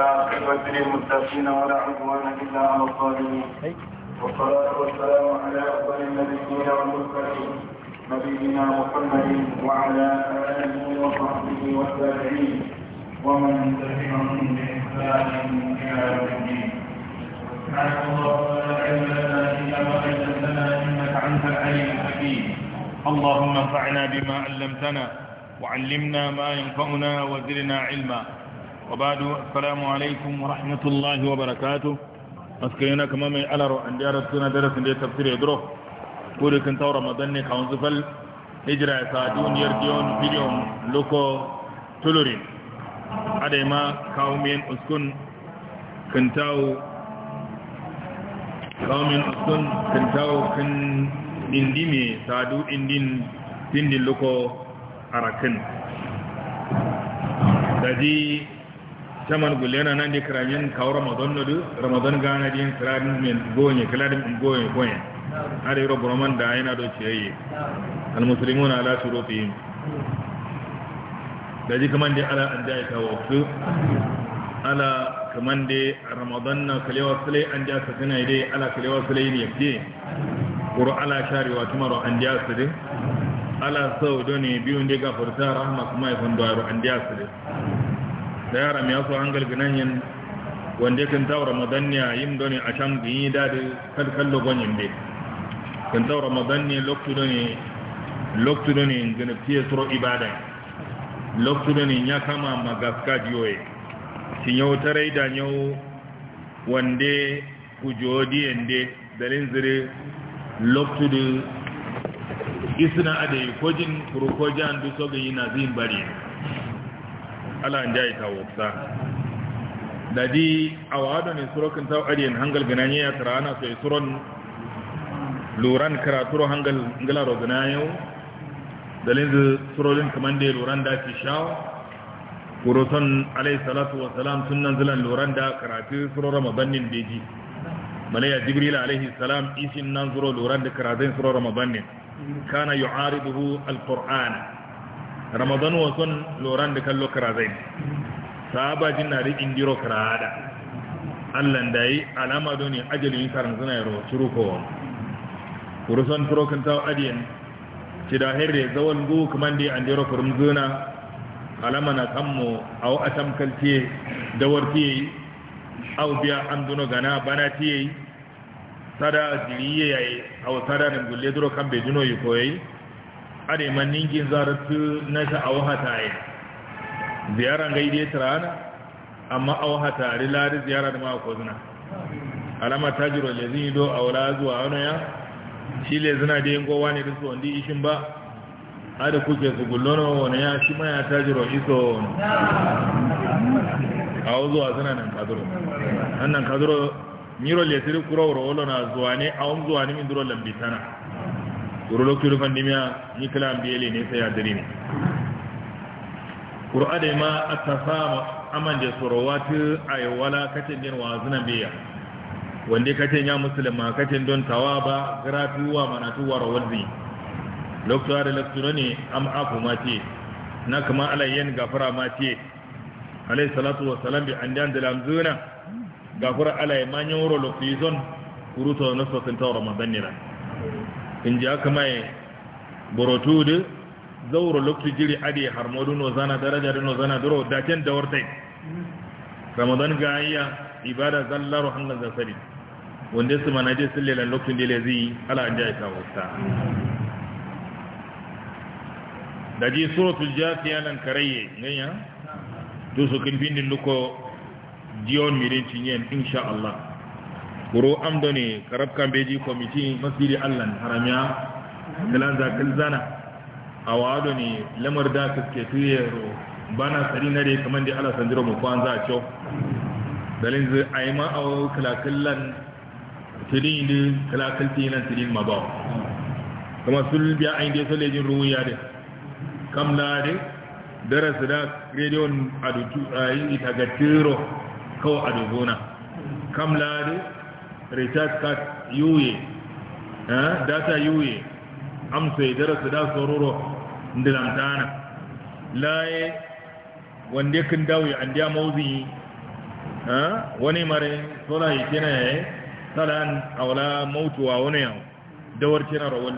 ولا عقبة للمتقين ولا عدوان إلا على الظالمين والصلاة والسلام على أفضل النبيين والمرسلين نبينا محمد وعلى آله وصحبه والتابعين ومن تبعهم بإحسان إلى يوم الدين سبحانك اللهم لا علم لنا إلا ما علمتنا إنك أنت العليم الحكيم اللهم انفعنا بما علمتنا وعلمنا ما ينفعنا وزدنا علما وبعد السلام عليكم ورحمة الله وبركاته أسكينا كما من ألارو أن جارتنا درس دي تفسير يدرو كوري كنتو رمضان كون زفل هجرة سادون يرديون فيديون لوكو تلورين هذا ما كومين أسكن كنتو كومين أسكن كنتو كن دندمي سادو اندين تندين لوكو أراكن Daji taman gulena nan di kramin kaw ramadan nodu ramadan gana di kramin men goye. kramin goñe goñe ari ro broman da ina do ciyayi al muslimuna ala shurutihim da ji kaman di ala an dai kawo su ala kaman di ramadan na kalewa sulai an ja sa kana dai ala kalewa sulai ne yake qur'an ala shari wa tumaro an ja sa dai ala sau doni biyun dai gafarta rahma kuma ya fando an ja sa dai da yara mai yaso hangal ginan yin wanda kan tawo ramadan ne yin doni a can din yi da kan kallo gonyin be kan tawo ramadan ne loktu doni loktu doni gina fiye suro ibada loktu doni ya kama magaska jiyoye shi yau tarai da yau wanda kujodi yande dalin zire loktu da isna adai kojin kurukojan dusoga yi na zin bari Alan an jayi tawoksa da di a wado ne surokin tau ariyan hangal gananye ya tara ana so suron luran karaturo hangal ngala ro ganayo dalin zu surorin kaman da luran da fi shawo kurusan alayhi salatu wa salam sunnan zilan luran da karatu suro ramadanin deji malaya jibril alayhi salam isin nan zuro luran da karatun suro ramadanin kana yu'ariduhu alqur'ana ramadan wason loran da kallo zai sahaba jin na indiro giro hada allan da yi alama doni yin ajali yin karin suna yaro shiru kowa kurusan turokin ta adiyan ci da herre zawon guhu kuma da an andiro kurum zuna alama na kanmu a wa atamkalce dawar yi au biya an duno gana bana tiye sada jiriye yayi au da nan gulle duro kan be yi koyi are man ningin zaratu na ta aw hataye ziyaran gaide tarana amma aw hatare lari ziyara ma ko zina alama tajiro lazini do awla zuwa ya? shi le zina da yin kowa ne risu wanda ishin ba a da kuke su gullono wani ya shi ma ya tajiro iso a zuwa zina nan kaduro annan kaduro miro le siri kuro wuro na zuwa ne a wani zuwa ne min duro lambitana wuro kiro fandimiya ni kala biyele ne sai adiri ne qur'ade ma atafama aman da surawatu ay wala katin din wazuna biya wanda katin ya musulma katin don tawaba gratuwa manatu warawazi lokta da lokta ne am afu ma na kuma alayyan gafara ma ce salatu wa salam bi andan dalam zuna gafara alay e manyan wuro lokta yizon kuruto na sosin tawar in ji aka mai da zauro lokacin jiri adi harmo no zana daraja no zana duro daken da wartai ramadan ga ayya ibada zallar hannun zafari wanda su mana je sun lelan lokacin da lezi ala an jaya ta da ji suratul jafiya nan karaye ganya to su kin bindin luko jiyon mirin cinyen insha Allah buru am ne karab beji komiti masiri allan haramiya kalanza kalzana a wado ne lamar da suke tuyero bana sari na re kamar da ala sanjiro mu kwan za a cewa dalin zai a yi kalakallan tirin yi kalakalti nan tirin ma ba Kuma sun biya da ya dai jin ruwiya dai kam na dai darasa da rediyon a yi gatiro kawo a dogona kam la dai recharge card ue data ue amsa ya su da sororo ndilamtana laye wanda kan dawo ya andiya mawuzi wani mare sola yi kena yaye, yi salan awala mautuwa wani yau dawar kena rawar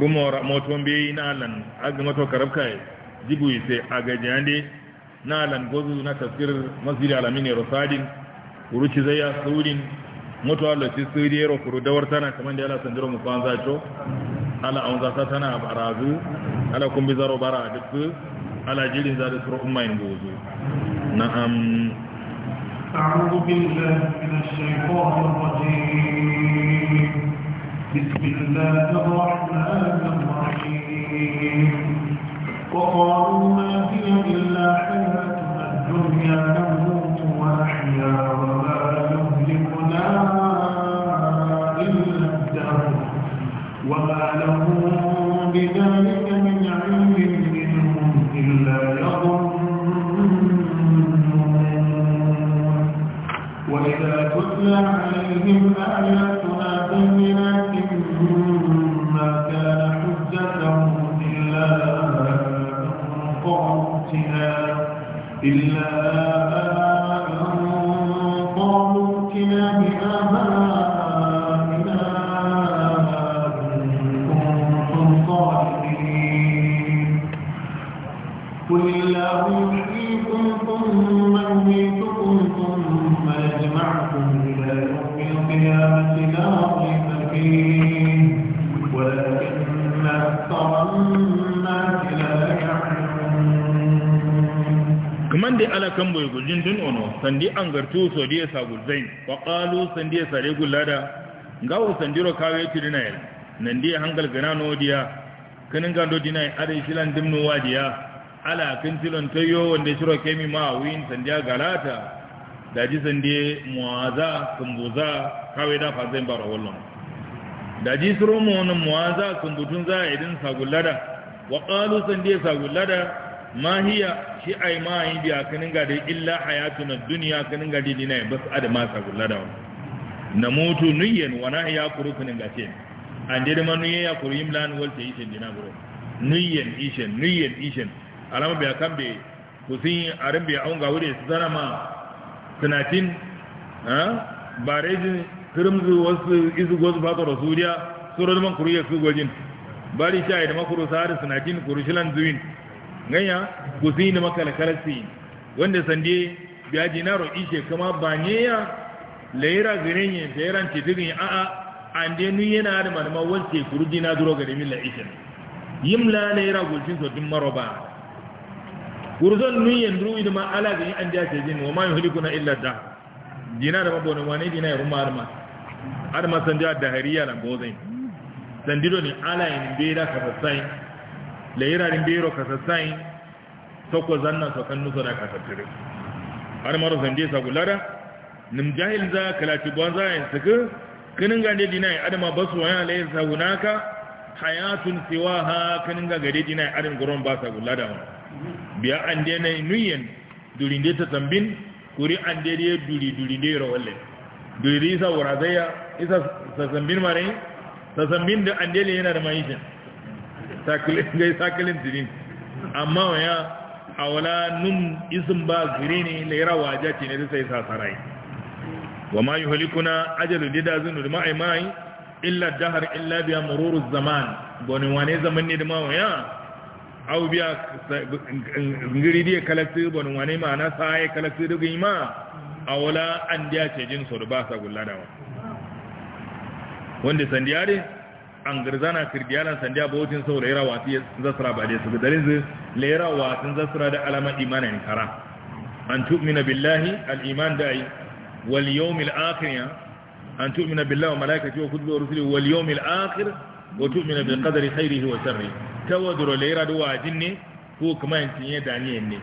rumora moton biyi na alan agamato karabka ya jibu yi sai agajiyande na alan gozu na tafsir masjid alamini rosadin wuruci zai ya saurin mutuwa lati yaro kuru dawar tana kamar da yana sanjiro mu kwanza co ala an zasa tana a barazu ala kumbi zaro bara a duk ala jirin za da suru umarin gozo na am وقالوا ما هي إلا حياتنا الدنيا نموت ونحيا kaman da ala kan bai gujin dun ono sandi an gartu so da sa gulzain wa qalu sandi sa re gullada gawo sandiro kawe tirina yel nan dia hangal gana no dia kanin gando dina are shilan dimnu wadiya ala kan tilon tayo wanda shiro kemi ma win sandiya galata daji sandi muaza kumbuza kawe da fazin bara wallon da ji suro mu wannan muwaza sun butun za a idin sagullada wa qalu san dai sagullada ma hiya shi ai ma yi biya kanin ga dai illa hayatuna duniya kanin ga dai ba bas adama sagullada na mutu nuyen wa na ya kuru kanin ga an dai ma nuyen ya kuru imlan wal ta ishin dina buru nuyen ishen, nuyen ishen. alama biya kan be kusin arin biya an ga wuri su zana ma sinatin ba rejin sirmzu wasu izu gozu fata rasuliya surar man kuru su gwajin bari sha yi da makuru sa'adu sinatin kuru shilan zuwin ganya ku sun yi da makalakalar wanda sande biya dinaro ishe kama ba ne ya layira garen yin sayaran ce a'a an dai nu yana da malama wacce kuru dina duro ga demin la'ishin yim la layira gulcin so din maro ba kurzon nu yin ruwi da ma ala ga yi an da ce wa ma yi hulikuna illa da jina da mabonin wani jina ya rumma arma har ma sanja da hariya na gozai sandido ne ala yin bera ka sassai layira rin bero ka sassai sokko zanna so nusa da ka tattire har ma sanje sa gulara nim jahil za kala ci gwanza yin suku kanin gane dina ya adama su waya layir sa gunaka hayatun ha kanin ga gade ya adin guron ba sa gulada ma biya an dai nai nuyen durinde ta tambin kuri an dai duri durin dai duri isa wurazayya isa sassanbin marayi sassanbin da an dele yana da mahishin gai sakilin tirin amma waya a wala nun isin ba zire ne laira waje ce ne da sai sarai wa ma yi halikuna ajalu dida zinu da ma'ai ma'ai illa jahar illa biya mururu zaman gani wane zaman ne da mawaya au biya ngiri diya kalakti gani wane ma'ana sa'ayi ya kalakti da ma a wala an dia ce jin so ba sa gulla dawa wanda sandiya sandiyare an garzana kirdiyalan sandiya bautin sau da yarawa ta zasra ba dai su ga dalin zai la yarawa tun da alamar imanin kara an tu'mina billahi Al'iman da da'i wal yawmil akhir an tu'mina billahi wa malaikatihi wa kutubihi wa rusulihi wal yawmil akhir wa tu'mina bil qadari khairihi wa sharrihi tawadru la yarawa ne ko kuma yin tinye daniyen ne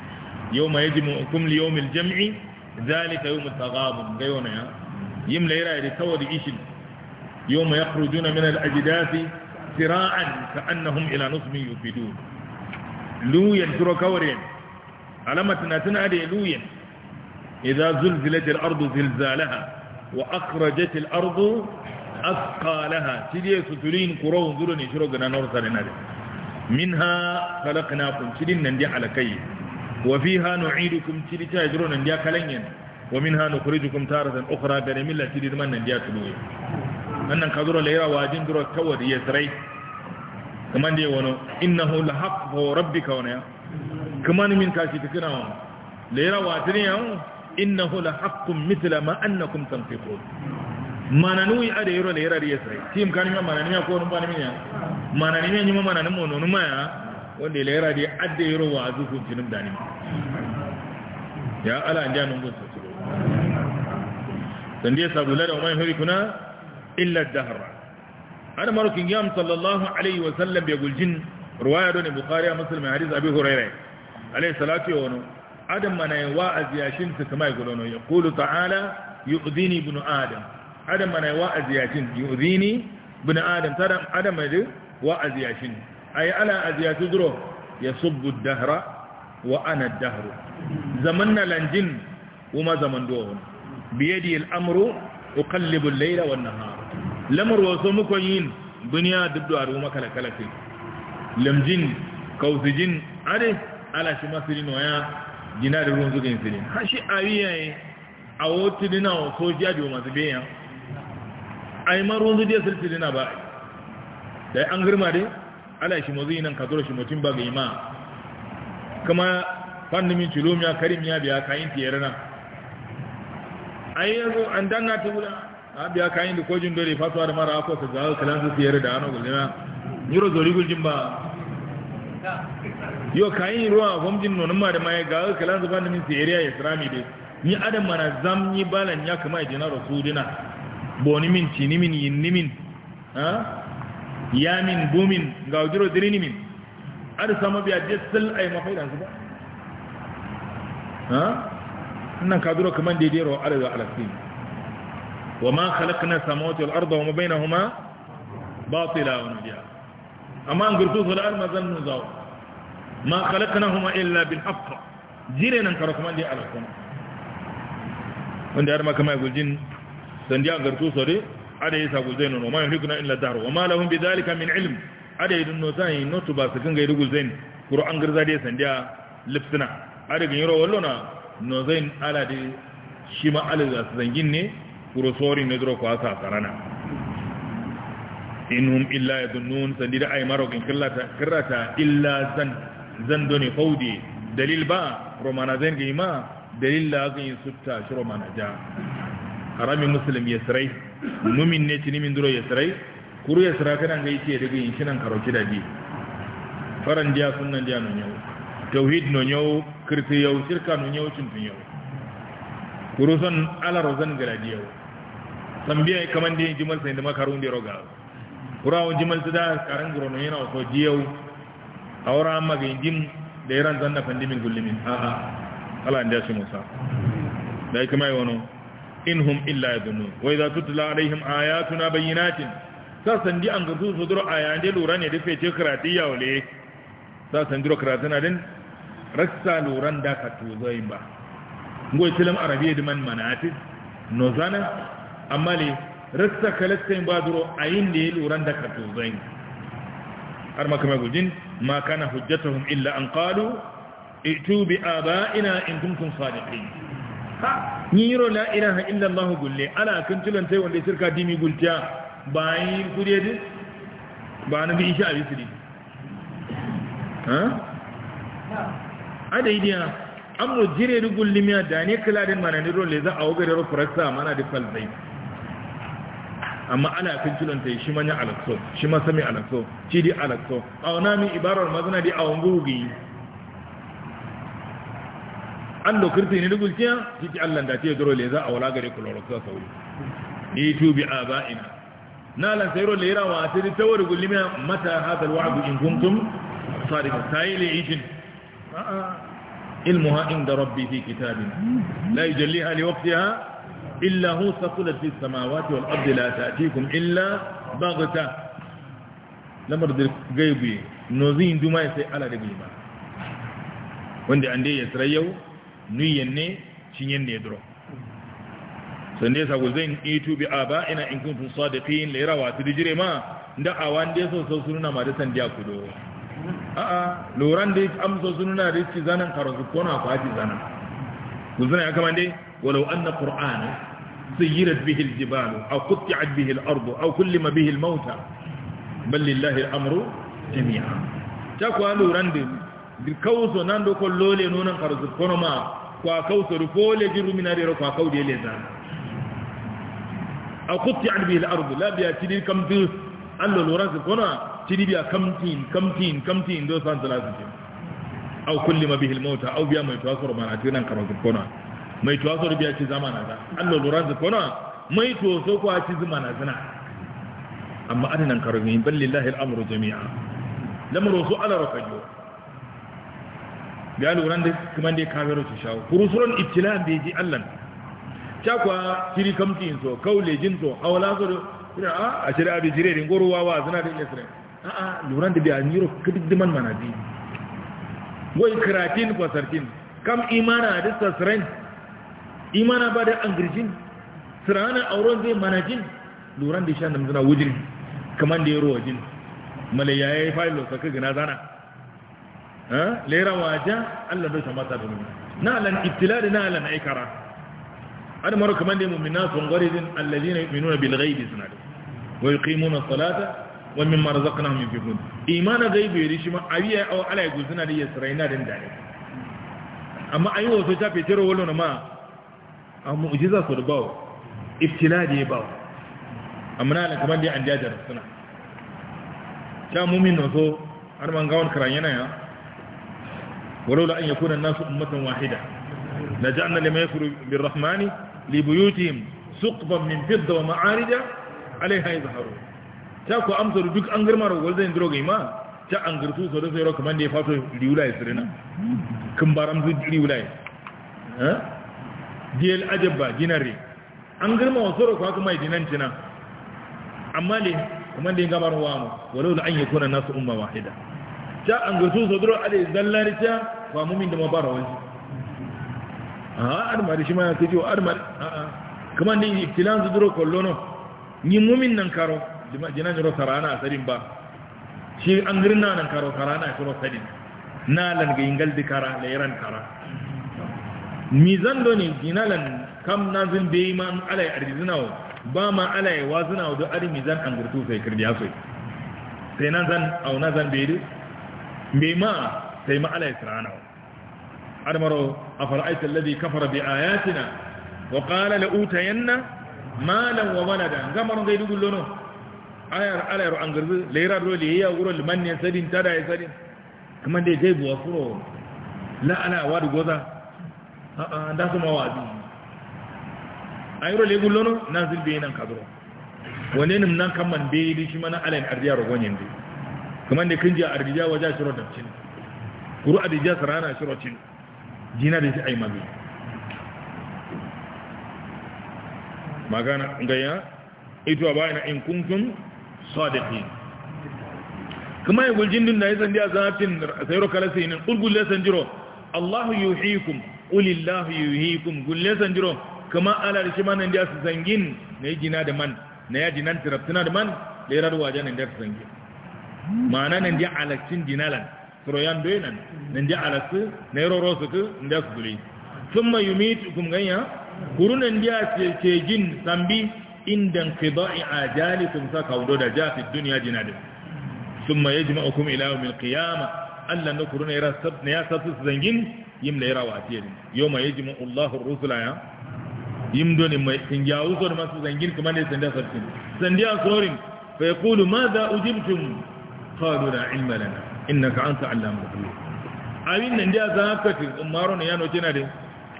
yawma yajimukum li yawmil jam'i ذلك يوم التغابن غيونا يا يم ليرا يدي إيشن يوم يخرجون من الأجداث سراعا كأنهم إلى نصب يفيدون لويا ترى كورين علامة ناتنا دي لويا إذا زلزلت الأرض زلزالها وأخرجت الأرض لها تدي سترين كروه ذلني شروقنا نانور منها خلقناكم شدين نندي على كيه wafi hannu idu kum ciri ta nan ya kalan yin wamin hannu kuri ji kum tara nan ya tuno yi annan ka zuro layira wa jin duro kawar ya zirai kuma ne wani inna ko rabbi ka wani ya min ka shi tafi na wa layira wa jini ya hu inna hu ko mana nuyi a da yiro layira da ya zirai tim ka nima ba ni min ya mana nima nima mana nima nima wanda ya lera da adda yi rowa a zukun jinin dani ya ala an janin gunsa su sandi ya sabu lada umar hori kuna illar dahara an marukin yam sallallahu alaihi wa sallam bai guljin ruwaya don bukari a musulmi hadis abi hurairai alaihi salatu ya wani adam mana yin wa'azi ya shi su kama ya gulono ya kulu ta'ala yu'zini ibnu adam adam mana yin wa'azi ya shi yu'zini ibnu adam tada adam mai wa'azi ya shi ay ala aziyatu duro yasubbu ad-dahra wa ana ad-dahru zamanna lanjin wuma zaman do biyadi al-amru uqallibu al-layla wan-nahar lamar waso muko yin buniya dubdu aru makala ce. lamjin kausijin are ala shi masirin waya gina da ruwan zugin sirin hashi awiyaye a wotu dina wa sojiya da masu biyan a yi maruwan zuje sirti dina ba da an girma dai ala shi mazi nan ka zura shi mutum ba ga ima kuma fannin cilomiya karim ya biya kayan tiyar nan yi yanzu an danna ta wula a biya kayan da kojin dole fasuwa da mara akwai su zaga kalansu tiyar da ana gulina yiro zori guljin ba yau kayan ruwa a fomjin nonin ma da ma ga kalan su fannimin tiyar ya sirami dai ni adam mana zam ni balan ya kama ya jina rasulina boni min cini min yin nimin ha yamin bumin ga wajiro dirini min ar sama biya jessal ay mafaidan su ba ha nan ka duro kaman da yero arzu alasin wa ma khalaqna samawati wal arda wa ma bainahuma batila wa nadiya amma an gurtu sul ar mazan nu zaw ma khalaqnahuma illa bil haqq jire nan ka kaman da alasin wanda har ma kama guljin sandiya gurtu sore ada yi sagu zainu no ma yuhlikuna illa dahr wa ma lahum bidhalika min ilm ada yi dunno zai no to ba su kan gairu guzain qur'an girza dai sandiya lipsina ada gin yoro wallona no zain ala dai shi ma ala za su zangin ne kuro sori ne dro kwasa asa sarana inhum illa yadunnun sandida ay maro kin kirlata kirrata illa zan zan doni faudi dalil ba romana zan ma dalil la yi sutta shi romana ja harami ya sarai. mumin ne tini min duro sarai kuru yasra kana ga yace daga yin kinan karoki da bi faran dia sunnan dia non yau tauhid nonyo, yau kirti yau shirka nonyo, yau cin yau kuru son ala rozan gara dia tambiya kaman da jimal sai da makarun da roga kura wa jimal da karan guro ne yana so diyau awra amma ga dim da iran zanna pandimin gullimin a a ala inda shi musa dai kuma yi wani إنهم إلا يظنون وإذا تتلى عليهم آياتنا بينات ساسن دي أنقصوا صدر آيان دي لوران يدي في تخراتي يولي ساسن دي لوكراتنا دين رسا لوران دا خطو زيبا نقول سلم عربية دي من مناتي نوزانا أما لي رسا خلصين بادرو آيان دي لوران دا خطو زيبا أرما كما يقول جن ما كان حجتهم إلا أن قالوا ائتوا بآبائنا إن كنتم صادقين yiro la ilaha illa allah gulle ala kan tulan tay wanda sirka dimi gultiya bayi ba na bi isha bi sidi ha ada idiya amro jire du gullimiya dane din mana ni rolle za a wogare ro praksa mana di falzai amma ana kan tulan tay shi manya alakso shi ma sami alakso shi di alakso awna mi ibarar mazna di awangu gi allo kirti ni dugul kiya kiti allan da tiye doro le za a wala gare ku loro ka sauri ni tu bi abaina na lan sayro le rawa tiri tawar gulima mata hadal wa'd in kuntum sadiq sayli ijin ilmuha inda rabbi fi kitabin la yujalliha li waqtiha illa hu saqulat fi samawati wal ardi la ta'tikum illa baghta lamar da gaibi nozin duma sai ala da gulima wanda an dai ya yau nu yenne cin yenne duro sun dai sako zai etu bi aba ina in kuntum sadiqin la yara watu dijire ma nda awan dai so so sununa ma da sandiya ku do a a loran dai am so sununa da ci zanan karazu ko na kwaji zanan kun zana ya kaman walau anna qur'ana sayyirat bihi aljibalu aw qutti'at bihi alardu aw kullima bihi almauta bal lillahi al'amru jami'a ta kwa loran Di kawso nan do ko lole nonan karzu kono ma kwa kawso ru fole jiru minare ro kwa kawde le zan aw qutti'a bihi al-ard la biya tidi kam du allo loran kono tidi biya kamtin kamtin kamtin do san tala zuke aw ma bihi al-mauta aw biya mai tawasur mana tunan karzu kono mai tawasur biya ci zamana da allo loran kono mai to so kwa ci zamana zina amma adanan karzu billahi al-amru jami'a lamru su ala rakajo ga luran da kuma da kafiru su shawo kurusuran ittila da ji ta kuwa kiri kamtin so kaule jin to hawla so ina a ah, a shirya bi jire din goruwa wa zina da Israel a a luran da biya niro yiro kididdiman mana bi wai kiratin ko sartin kam imana da sasren imana ba da angirjin sirana auren zai manajin luran da shan da mutuna wujin kamar da ya ruwa jin malaya ya yi fayilo saka gina zana lera waja Allah bai samata da mu nalan na nalan aikara an maru kaman da mu'mina sun gari din alladina yu'minuna bil ghaibi da. wa yuqimuna as-salata wa mimma razaqnahum yunfiqun imana ghaibi ri shi ma awiya aw ala guzuna da yasraina din dare amma ayi wato ta fitiro wallo ma a mu'jiza su da bawo ibtilal ya bawo amma nalan kaman da an jajar suna ta mu'min so har man gawon karan yana ya ولولا أن يكون الناس أمة واحدة لجعلنا لما يكفر بالرحمن لبيوتهم سقفا من فضة ومعارج عليها يظهرون تاكو أمسر بك أنجر مرو ولدين دروغي ما ta an girtu so da sai roka man da ya fato liwulai sirina kin baram zu liwulai eh diyal an girma wasu roka haka mai dinan tina amma ne kuma da gabar wa walau umma wahida ca an gasu sadro ade dallari ta ba mumin da mabara wani a armari shi ma ya ce wa armari a a kamar ne iftilan sadro kollono ni mumin nan karo jinan jiro sarana a sarin ba shi an girna nan karo sarana a kiro sarin na ga ingal di kara da iran kara mizan do ne jinalan kam nazin bai ma alai wa ba ma alai wa suna wa duk arin mizan an gurtu sai kirdiya sai sai nan zan auna zan bai me ma sai ma ala yasrana armaro afara'aita alladhi kafara bi ayatina wa qala la utayanna malan wa walada gamar zai dugu lono ayar alayar an garzu laira do le ya guro liman ne sadin tada ya sadin kuma dai zai buwa furo la ala wa goza a a da kuma wazi ayro le gulono nazil bi nan kadro wani nan kan man be di shi mana alayar ardiya rogon dai kamar da kan ji a rija waje shiro da cin kuru a rija sarana shiro cin jina da shi yi mazi magana gaya ito a bayan in kunkun sadiqin kuma yi guljin din da ya sandi a zafin sayar yi nan ulgul lesan jiro allahu yuhikum kun yuhikum gullesan jiro kuma ala da shi manan da su zangin na yi jina da man na ya jinan tiraftina da man da ya rarwa janin da su zangin mana nan dia alakcin dinalan troyan doinan nan dia alaksu nairo rosu ku nda su duli thumma yumitukum ganya nan dia ce jin sambi inda qidai ajalikum sa kaudo da ja fi dunya dinadin thumma yajma'ukum ila yawmil qiyamah Allah na kuruna ya sab ne ya sab su zangin yim la yara watiye yawma yajma'u Allahu ar-rusula ya yim doni mai tinjawu so da masu zangin kuma ne sanda sabtin sandiya sorin fa yaqulu madha ujibtum قالوا لا علم لنا انك انت علام الغيوب ayin nan da za ka maro ne ya no kina de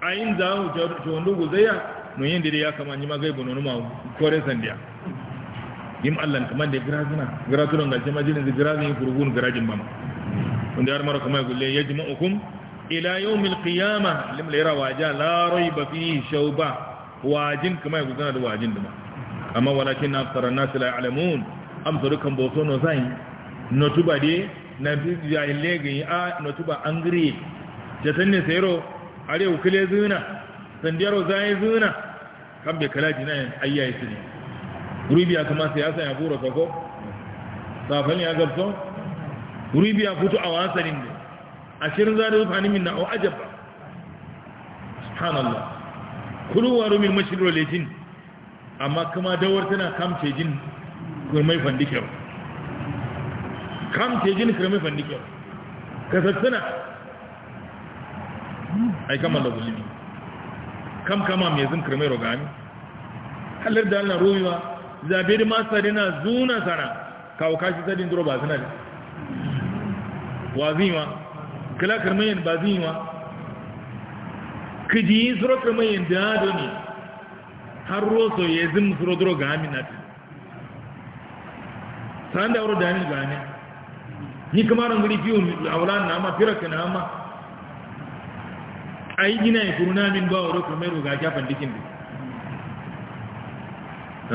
ayin za mu to wando guzaya no yin da ya kama ni magaibu no ma kore sandiya yim allan kaman da grazina grazulon galce majalin grazin furgun grazin mama wanda har mara kuma gulle yajma'ukum ila yawmil qiyamah lim lira waja la rayba fihi shawba wajin kuma ya guzana da wajin duma amma walakin aktsara an-nas la ya'lamun am turukan notuba de na jahille ganyi a notuba an gire jatan ne a are kule zuna sandiyaro zai zuna kabbe kala jinayen ayyaye su ne rubiya kuma sai ya kura sako safan ya gabso rubiya fito a wasanin ne ashirin za da zuwa ni min na o ajabba subhanallah kuruwa rumin mashirin mashiroletin amma kuma dawar tana kamce jin kuma mai fandikiyar kam ke jini fanni fandike ka sassana ai kama da zulmi kam kama mai zin kirame rogani halar da ana royewa zabe da masu na zuna sana kawo kashi sadin duro ba suna da wa kila kirame yin ba zinwa kiji suro kirame yin da ne har roso ya zin suro duro ga ta sanda wuro da ni ga aminati ni kamara nguri biyu awlan na ma firaka na ma ai gina ya na min ba wuro kamar ruga ka fandikin din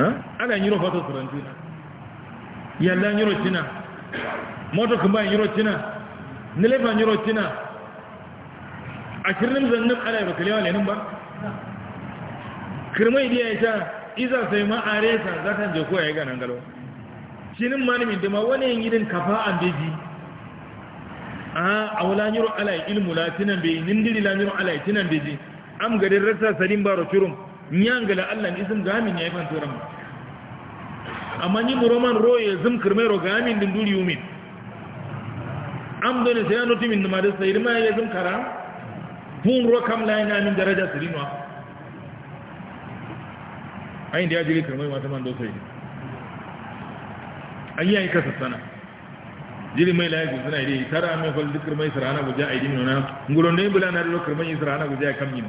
ha ala yi ro foto turantuna yalla yi ro tina moto kuma yi ro tina nilefa yi ro A akirin zannab ala ba kalewa lenin ba kirmai diya ya sha iza sai ma aresa resa, je ko ya ga nan galo shinin malamin da ma wani yin kafa an beji a aw la nyuru ala ilmu la tinan be nindiri la nyuru ala tinan be ji am garin rasa salim baro churum nyangala allah ni ism gamin ya ifan turam amma ni roman roye zum kirmero gamin din duri yumin am dole sai an tumin da madrasa irma ya zum kara fun ro kam la ina min daraja sirinwa ayin da ya jiri kirmai mata man dosai ayyan ka sassana jiri mai layi kun na idai tara mai fal dukkan mai sarana guja a idin nuna ngulon ne bula na dukkan mai sarana guja a kan yin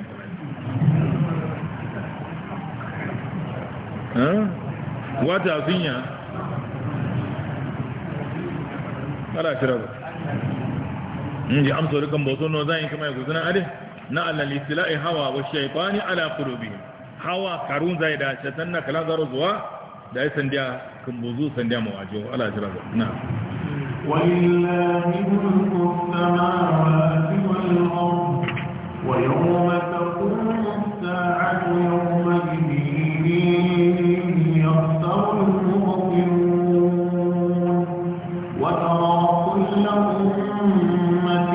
wata sun ya ala shirabu in ji amsa dukkan bauton no zai kama ya na adi na alal istila'i hawa wa shaytani ala qulubihim hawa karun zai da shatan na kala zuwa da ya sandiya kan buzu sandiya mawajo ala shirabu na'am ولله ملك السماوات والأرض ويوم تقوم الساعة يومئذ يخسر المبطلون وترى كل أمة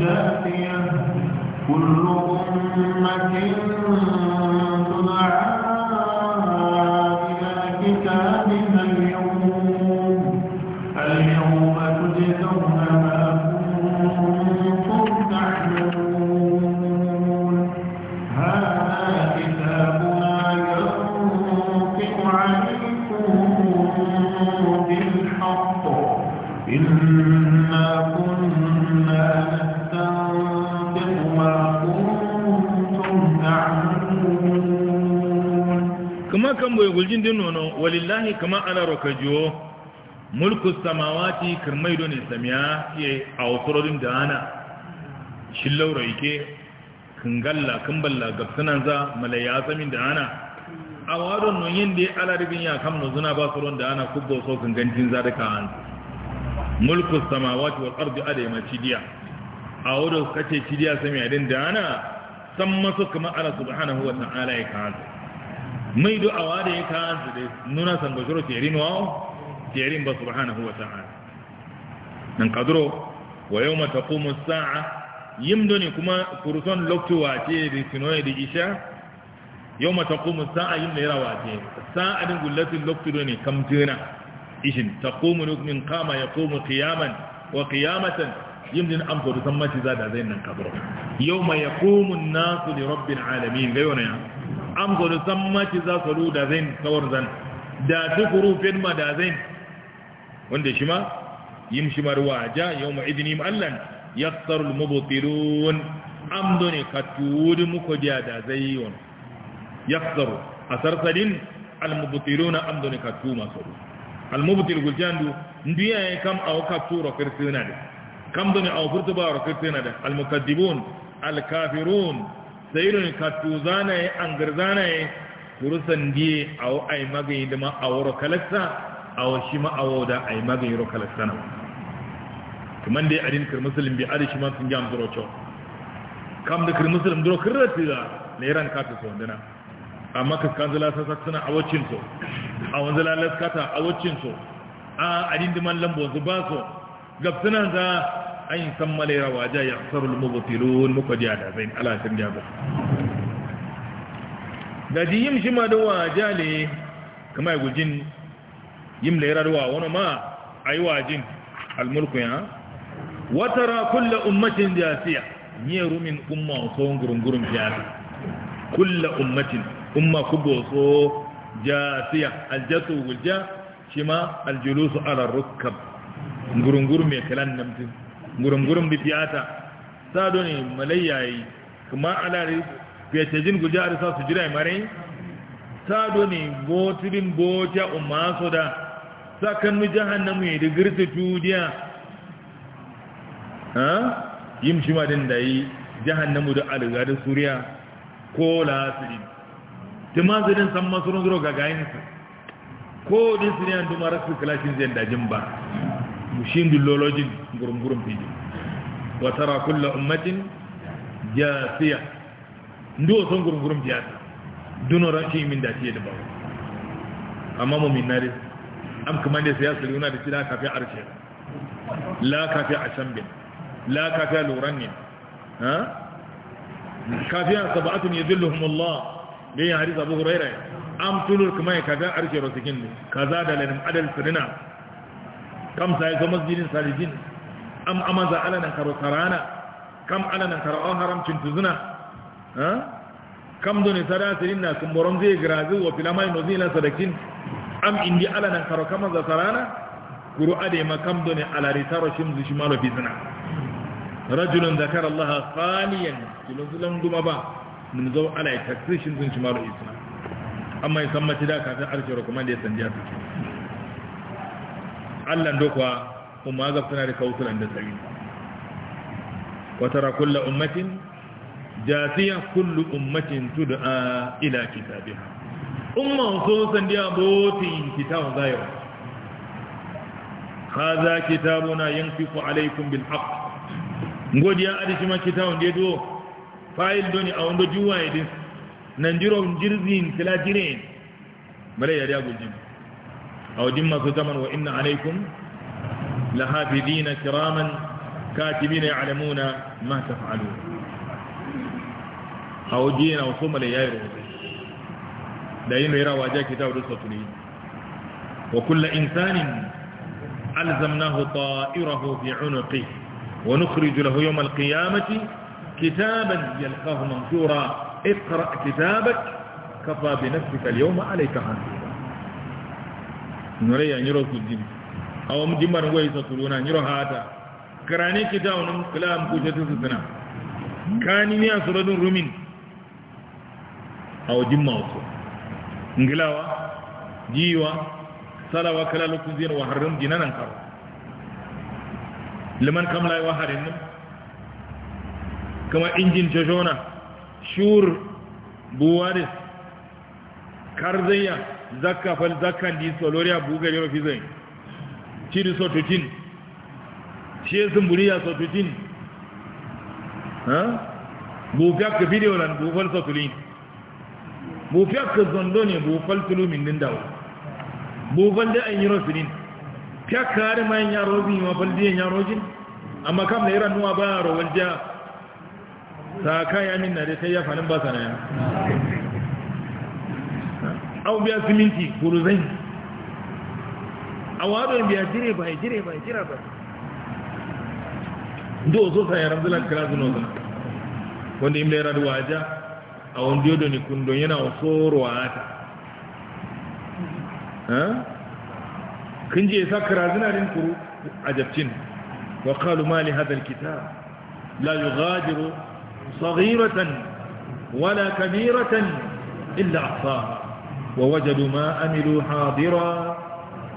جاثية كل أمة تدعى إلى كتابها فاليوم تجزون ما كنتم تعملون هذا كتابنا ينطق عليكم بالحق إنا كنا نستنطق ما كنتم تعملون كما كان بيقول جندن ولله كما أنا ركجوه mulku samawati kirmaido ne samiya ke a wasu da ana shillaura ike kingalla kimballa gabsunan za malaya samin da ana a wadon nun yin da ya kam ya zuna ba su da ana kubba so kingancin za da kahan mulku samawati wal ardi ada yamma cidiya a wadon kace cidiya samiya din da ana san masu kuma ala subhanahu wa ta'ala ya kahan mai do a wada ya kahan su dai nuna sangashiro ke rinuwa jerin ba subhanahu wa ta'ala nan kadro wa yawma taqumu as-sa'a yimdoni kuma kuruton loktu wace bi sinoye da isha yawma taqumu as-sa'a yimda yara wace sa'a din gullatin loktu ne kamtina ishin taqumu min qama yaqumu qiyaman wa qiyamatan yimdin am ko san mace za da zai nan kadro yawma nasu li rabbil alamin gayona ya am ko san mace za su da zai kawar zan da tukuru fin madazin wanda shi ma yimshi marwaja yawma idnim allan yaktaru almubtilun amdone katudi muko jada zayyon yaktaru asarsadin almubtiluna amdone katuma soru almubtil guljandu ndiya ya kam aw katura kirtina da kam furtu aw furtuba kirtina da almukaddibun alkafirun sayrun katuzana ya angarzana zanaye kurusan diye aw ay magayi da ma awro kalaksa awo shi ma awo da ay magani yoro kala sana kaman dai adin kir muslim bi adi shi ma sun jam duro cho kam da kir muslim duro kirrati da ne ran ka ta so dana amma ka kan zala sa sana awocin so awon zala a awocin so a adin diman lambo ba so suna za ayin kammale rawaja ya sarul mubtilun muka ji da zain ala sun jaba da ji yim shi ma da waja ne kamar gujin yimle yararwa wani ma aiwa jin almulku Wata watara kulla ummatin jasiya yeru rumin umma so ngurungurum jasi kulla ummatin umma kubo so jasiya aljasu wulja shima aljulusu ala rukkab ngurungurum me kalan namtin ngurungurum bi fiyata sado ne malayayi kuma ala fiyatejin guja arisa su jira mare sado ne botirin boja umma so da mu jahannamu ya digirta tudiya ha yim shi ma din dai jahannamu da alga da suriya ko lasiri tuma zidin san masurun zuro ga gayin su ko din suriya duma rasu kalashin zai dajin ba mushin dillolojin gurumgurum fiji wa tara kullu ummatin jasiya ndo son gurumgurum jiyata duno rashi min da tiye da ba amma mu min na dai am kuma ne sai ya sulu na da la kafi arshe la kafi ashambin la kafi luranin ha kafi sab'atun yadhilluhum Allah ne ya hadisi Abu Hurairah am tulur kuma ya kafi arshe rosikin ne kaza da lanin adal sirina kam sa sai zo masjidin salijin am amaza alana karo karana kam alana karo haramcin tuzuna ha kam doni sada sirin na kumboron zai grazi wa filamai nozila sadakin am indi ala nan karo kama za sarana guru ade makam doni ala ritaro shimzu shimalo bizna rajulun zakara Allah khaliyan kilon zulan duma ba mun zo ala taksi shimzu shimalo isna amma ya san mace da ka ta arshiro kuma da ya sanja su ke Allah dokwa umma ga suna da kausulan da tsari wa tara kullu ummatin jasiya kullu ummatin tud'a ila kitabiha umman so san dia boti kitabu zayira hadha kitabuna yanfiqu alaikum bil haqq ngodi ya adi shima kitabu dia do file doni a wondo juwa idin nan jiro jirzin kila jirin bale ya dagu jin aw jimma su taman wa inna alaykum lahafidina kiraman katibina ya'lamuna ma taf'alun aw jina wa sumala yayru دين يراواجا كتاب رسطني وكل إنسان ألزمناه طائره في عنقه ونخرج له يوم القيامة كتابا يلقاه منشورا اقرأ كتابك كفى بنفسك اليوم عليك حسيبا كراني كتاب نمكلام كوشة سنة كاني نيا سورة رومين أو جمع ngilawa jiwa salawa kala lu zira wa harin jinanan kar liman kam lay wa harin kama injin jojona shur buwaris karzayya zakka fal zakka di soloriya bugare mafi zai ciri sotutin shi so tutin ha bugak video lan bugal tulin. bu fiyakka zondo ne bu faltulu min din dawo bu da an yi rosinin fiyakka har ma yin yaro zin yi ma falde yin yaro jin amma kam na ranuwa ba ba yaro walja ta kaya min na dai sai ya fanin ba sana ya au biya siminti zai a wadon biya jire ba jire ba jira ba ndo zo sa ya ramzulan kira zuno zana wanda imle raduwa ja awon diodo ni kundo yana osoro ata ha kinje sakra zinarin kuru a ajabtin wa qalu ma li hadha alkitab la yughadiru saghiratan wala kabiratan illa ahsaha wa wajadu ma amilu hadira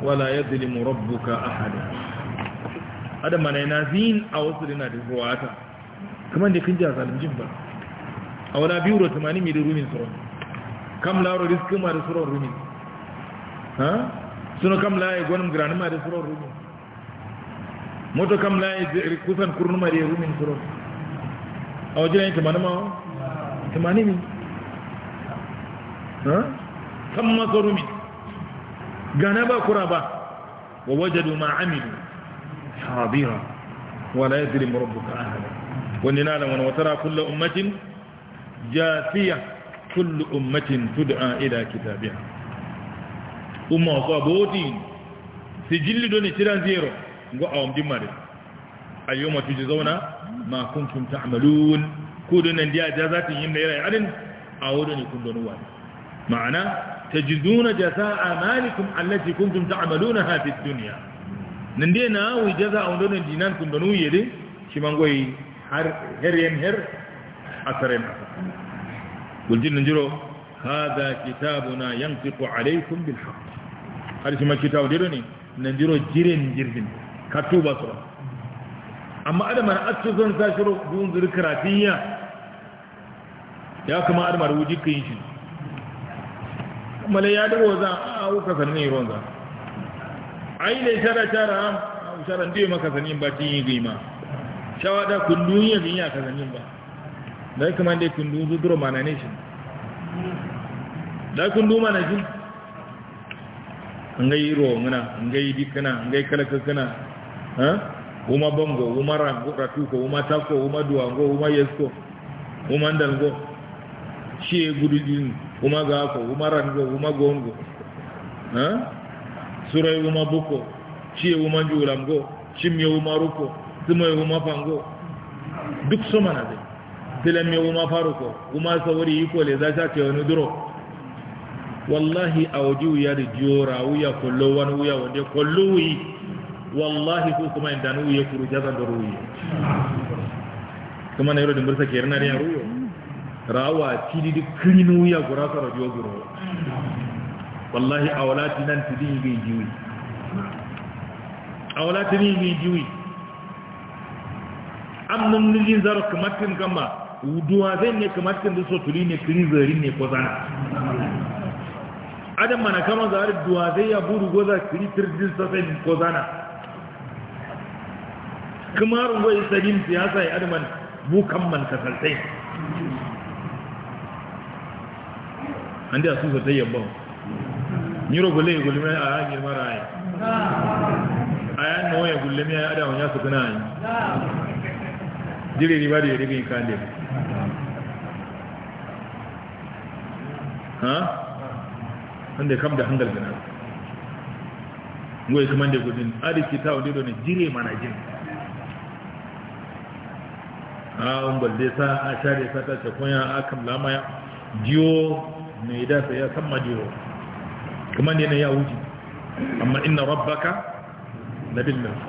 wala ya yadhlimu rabbuka ahada adam mana yana zin a wasu dina da ruwata kamar da kin ji a zalimjin ba a wala biyu da tumani mai da rumin tsoron kam laro riskin ma da tsoron rumin suna kam laye gwanin giranin ma da tsoron rumin moto kam laye kusan kurnu ma da rumin tsoron a wajen yanki mani ma tumani min kan maso rumin gana ba kura ba wa wajadu ma amilu hadira wala yadri rabbuka ahada wani na nalan wani watara kullu ummatin jafiya kullu ummatin tud'a ila kitabiha umma ko boti sijilli doni tiran zero ngo awam dimmare al yawma tujzauna ma kuntum ta'malun kudun nan dia jazatin yin mai ra'adin awudu ne kun wani ma'ana tajzuna jazaa amalikum allati kuntum ta'malunaha fid dunya nan dia na wi jazaa awudu ne dinan kun donu yede shi mangoyi har her yen her أثر قل جل نجرو هذا كتابنا ينطق عليكم بالحق هذا ما كتاب جرني نجرو جرين جرين كتوبة صلى أما أنا من أتشزن ساشرو دون ذكراتية يا كما أنا مروجي كينشي mala ya dawo za a wuka sanni ruwan za a yi da shara shara a shara ndiyo maka sanni ba cin yi gima shawada kundun yin yin ya ka sanni ba da kuma da kun du duro mana ne shi da kun du mana shi ngai ro ngana ngai dikana ngai kalaka kana ha kuma bongo kuma rango ratuko uma tako uma duango kuma yesko uma ndango, shi e gudu din ga ko kuma rango kuma gongo ha surai kuma e buko shi e uma julamgo shimye kuma ruko tuma kuma pango duk so mana dai faru ko faruko uma yi kole za ta ce wani duro wallahi awji wuya da jora wuya kollo wani wuya wanda kollo wuyi wallahi ko kuma inda nu wuya kuru jaza da ruyi kuma na yi da mursa ke rana da yaro rawa cili duk kirin wuya gura sa rajo guro wallahi awlati nan tidi ngi jiwi awlati ngi jiwi am nam zarar zaro kamatin kama duwatsen ne kamar cikin duso tuli ne kiri zari ne ko zana adam mana kama zari duwatsen ya buru goza kiri din sasai ko zana kamarun goyi sabin siyasa ya adaman bukan man kasaltai an da su sasai yamma ni rogole ya gulmi a hanyar mara ayi a yan nawa ya gulmi ya adaman ya su kuna ayi jiri riba da ya rigin kandil ha wanda kam da hangal gana ngoy kamande godin adi kitaw de don jire mana jin a on balde sa a share sa ta konya akam lamaya Diyo ne da sai ya san majiyo kamande ne ya wuce amma inna rabbaka labil mirsad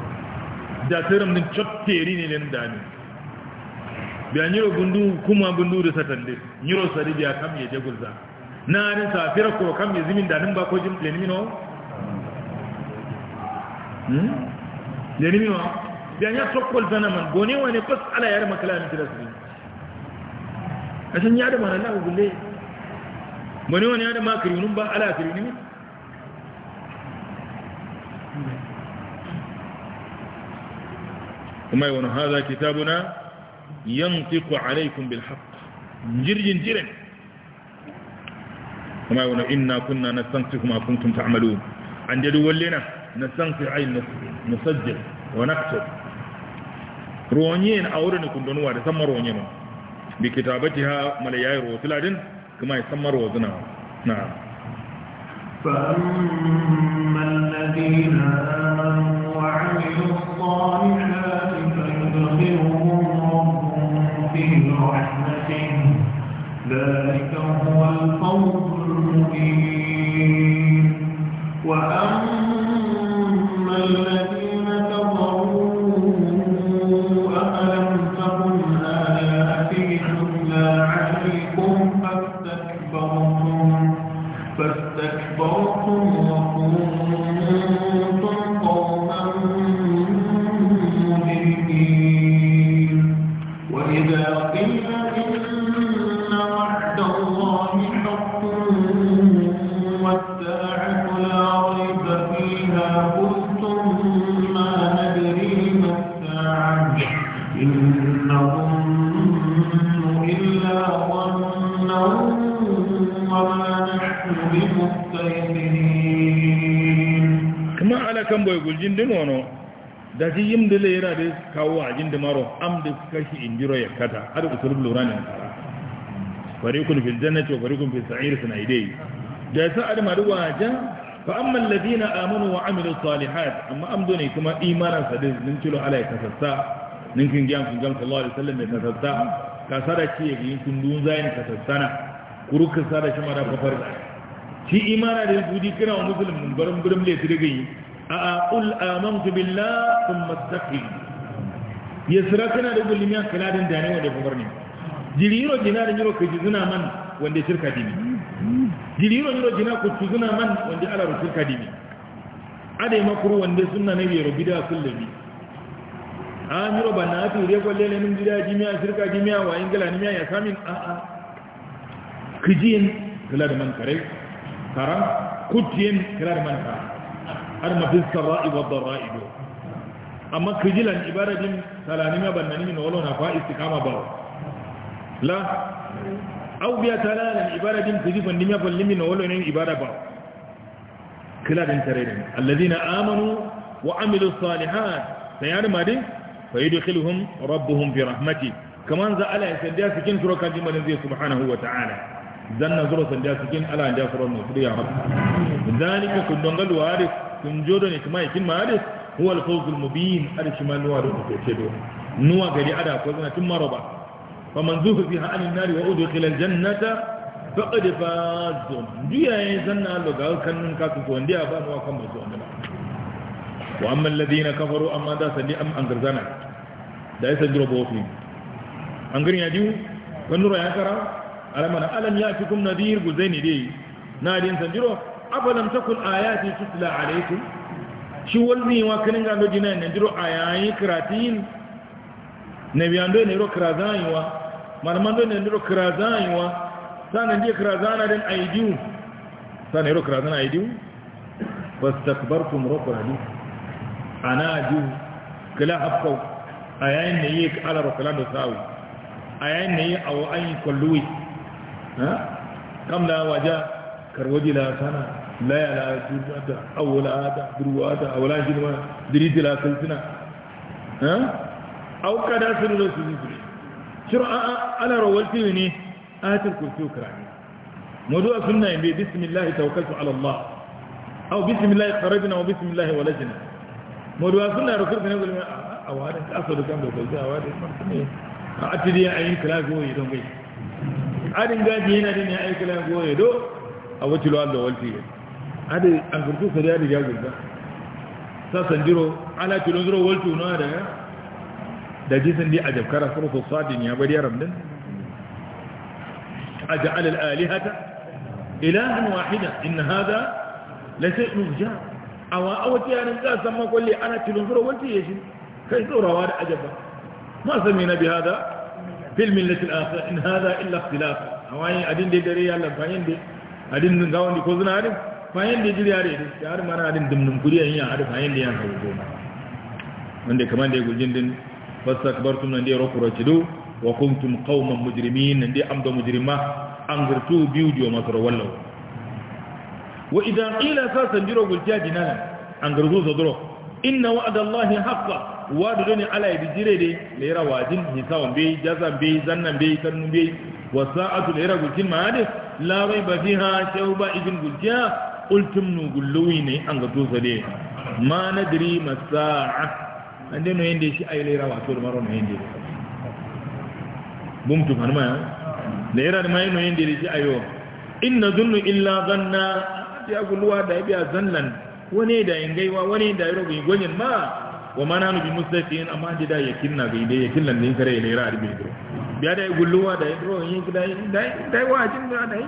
da tsirin din cotteri ne nan da ne biya nyiro gundu kuma gundu da satande nyiro sari biya kam ya jagulza Na narin safira ko kam ya zimin danin ba ko jim lenimino hmm lenimino ya ya sokol zanaman goni wani bas ala yar makala ne kira su asan ya da mana lahu gulle gone wani ya da makarinun ba ala ne kuma wani haza kitabuna yantiqu alaykum bil haqq jirjin jirin kuma yawon inna kunna na sansu kuma kuntum ta'malu an dadu wallena na sansu ay nusajjil wa naktub ruwanyen a wurin kundonuwa da samar ruwanye ma bi kitabati ha malayayi rotuladin kuma ya samar wa zina na فأما الذين آمنوا وعملوا الصالحات فيدخلهم ربهم في رحمته ذلك هو الفوز مبين indinono da shi yim da lera da kawo a jin maro am da kashi indiro ya kata har usulul lurani fara fariqun fil jannati wa fariqun fil sa'ir suna idai da sa'ad marwa ja fa amma alladhina amanu wa amilu salihat amma am ne kuma imanan sadin nin cilo ala ya kasassa nin kin gyan kun gam sallallahu alaihi wasallam ya kasassa kasara ce yin kun dun zayin kasassana kuru kasara shi mara kafar shi imana da yahudi kira wa musulmin barin burin laifin da a'a amantu billah thumma istaqim yasra kana da gulmi ya kaladin da dane wanda gobarni jiriro jina da jiro kuji zuna man wanda shirka dini jiriro jiro jina kuji zuna man wanda ala shirka dini adai makuru wanda sunna ne yero bid'a kullabi a yiro bana ati re golle ne min bid'a jimiya shirka jimiya wa ingila ne ya samin a'a kijiyin kula da man kare karam kutiyin kula da man kare har mafis sarra'i wa dharra'i do amma kijilan ibaratin talanima bannani min wala na fa istiqama ba la aw biya talalan ibaratin kijifan nima fallimi na wala ne ibada ba kila din tare alladhina amanu wa amilu salihat sayar madin fa yudkhiluhum rabbuhum fi rahmati kaman za ala zai subhanahu wa ta'ala ala kun Kun kunjodo ne kuma yakin ma'aris huwa alfawzul mubin ada shi ma nuwa da kuke ce do nuwa gari ada ko zana tun maroba fa man zuhu fi ha'anin nari wa udkhila jannata. faqad faz duya yayin zanna Allah ga kannun ka ku wanda ya ba nuwa kan masu wanda wa amma alladhina kafaru amma da sadi am an garzana da yasa duro bofi an garin ya diu kan nura ya kara alamana alam ya fi kum nadir guzaini dai na din san duro Abalam takul ayati tutla alaikum shi walmi wa kanin ga do dinan ne diro ayayi kratin ne biyan do ne ro krazai wa malaman do ne diro krazai wa sanan di krazana den aidiu sanan ro krazana aidiu fastakbartum rabbul hadith ana ju kala habqaw ayayin ne yi ala ro kala do sawi ayayin ne awo ayi kolluwi ha kamla waja karwaji la sana la ya la jirwata awula ada jirwata awula jirwa diri jira kalsina eh? au kada su nuna su zuzu shiru a ala rawalti ne a hatin kursi ukrani mudu a sunna yi bismillah ta wakasu ala allah au bismillah karabina wa bismillah wa yana da ne a wacce lo ando walti ya ade an gurtu sa da ya gurta sa sandiro ala kilo zuro walti no da da jisan di ajab kara surfu sadin ya bari yaram din aj'al al alihata ilahan wahida in hada la shay'un ja awa awati an ka san ma kulli ana kilo zuro walti ya shi kai tsorawa da ajaba ma sami na bi hada fil millati al akhir in hada illa ikhtilaf awai adin de dare ya lafayin de adin ga wani ko zuna adin fayin da jiri yare da har mara adin dumnum kuri yan yan adin fayin da yan hawo goma wanda kamar da gujin din fastakbartum nan da ya rokura cido wa kuntum qauman mujrimin nan da amda mujrima an gurtu biyu jiwa masar wallahu wa idan qila sasan jiro gultiya dinana an gurzu zadro inna wa'ada haqqan wadu doni ala yi jire de le yara wajin hisawan bai jazan bai zannan bai sannun bai wasa atu le yara gulkin ma larai ba fi ha shehu ba ibin gulkiya ultim nu gulluwi ne an ga tosa de ma na diri masa'a an dai noyin da shi a yi le yara wato da maro noyin da ya bumtu hanuma ya Lera yara da mai noyin da ya shi a yi in na zunnu illa zanna ya gulluwa da ya biya zannan wani da yin gaiwa wani da ya rogo gwanin ma wa mana nu bi mustaqin amma ji da yakin na ga ide yakin lan din kare ile ra arbi dro biya da gulluwa da dro yin da dai da wajin da dai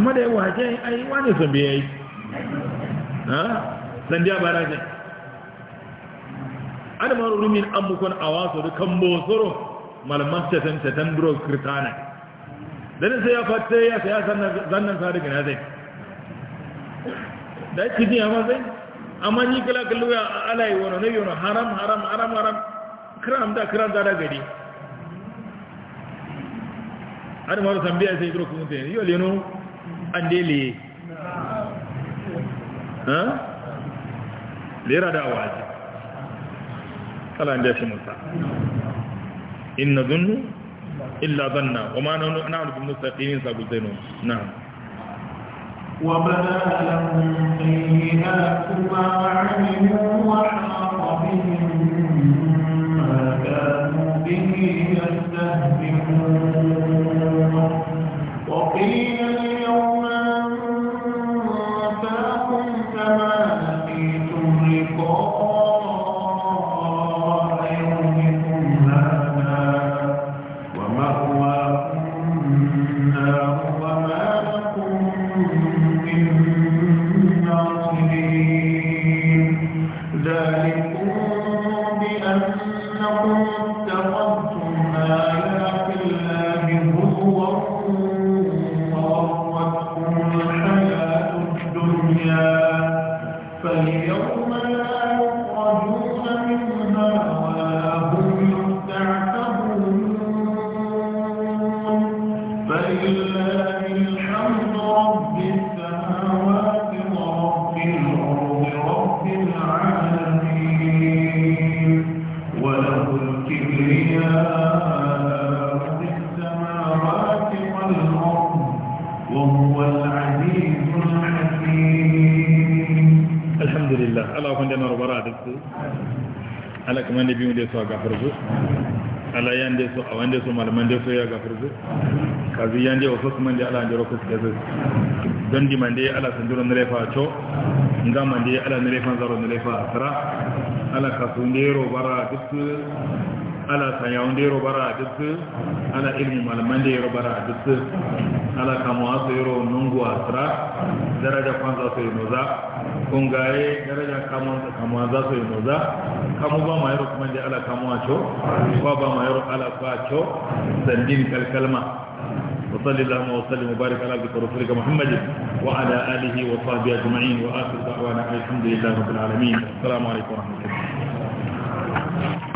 amma da waje ai wani san biya yi ha san dia bara ne ana ma rumin ambukon awaso da kan bosoro malaman tatan tatan dro kirtana dan sai ya fatte ya sai ya sannan zannan sa daga na zai da kidi amma zai amma ni kala kallo ya ala yi wani nabi wani haram haram haram haram kiran da kiran da gari har mara tambaya sai kiro kuma tayi yo leno an dele ha lera da waje kala an shi musa in dhunnu illa dhanna wa ma na wani na sabu zainu na'am وبدا لهم سيئات ما عملوا وحاق بهم ما كانوا به يستهزئون وقيل ala kamar da biyu da su a gafar su ala yan da su a wanda su malaman da su ya gafar su kazi yan da wasu kuma da ala jiro ku da su don di man da ala san duro laifa a co nga man da ala na fa zaro na laifa a Allah ka su ne ro bara duk ala sayawun da yaro bara a dusu ala ilmi malaman da yaro bara a dusu ala kamuwa su yaro nungu a tsira daraja kwanza su yi noza kun gaye daraja kamuwa za su yi noza kamu ba ma yaro kuma da ala kamuwa co kwa ba ma yaro ala kwa co sandin kalkalma وصل اللهم وسلم وبارك على عبدك ورسولك محمد وعلى اله وصحبه اجمعين واخر دعوانا الحمد لله رب العالمين السلام عليكم ورحمه الله